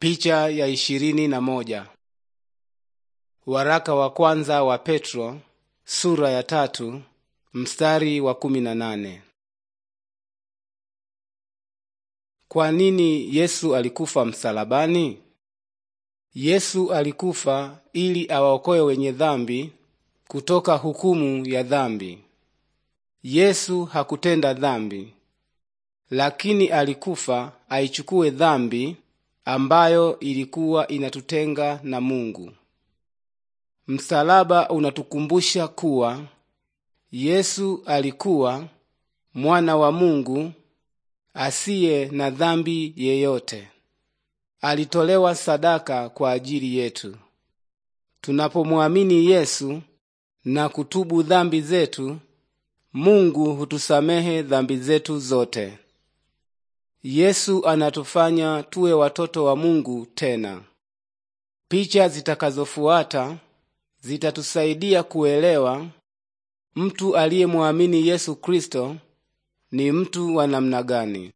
Picha ya ishirini na moja. Waraka wa kwanza wa Petro sura ya tatu mstari wa kumi na nane. Kwa nini Yesu alikufa msalabani? Yesu alikufa ili awaokoe wenye dhambi kutoka hukumu ya dhambi. Yesu hakutenda dhambi, lakini alikufa aichukue dhambi ambayo ilikuwa inatutenga na Mungu. Msalaba unatukumbusha kuwa Yesu alikuwa mwana wa Mungu asiye na dhambi yeyote. Alitolewa sadaka kwa ajili yetu. Tunapomwamini Yesu na kutubu dhambi zetu, Mungu hutusamehe dhambi zetu zote. Yesu anatufanya tuwe watoto wa Mungu tena. Picha zitakazofuata zitatusaidia kuelewa mtu aliyemwamini Yesu Kristo ni mtu wa namna gani.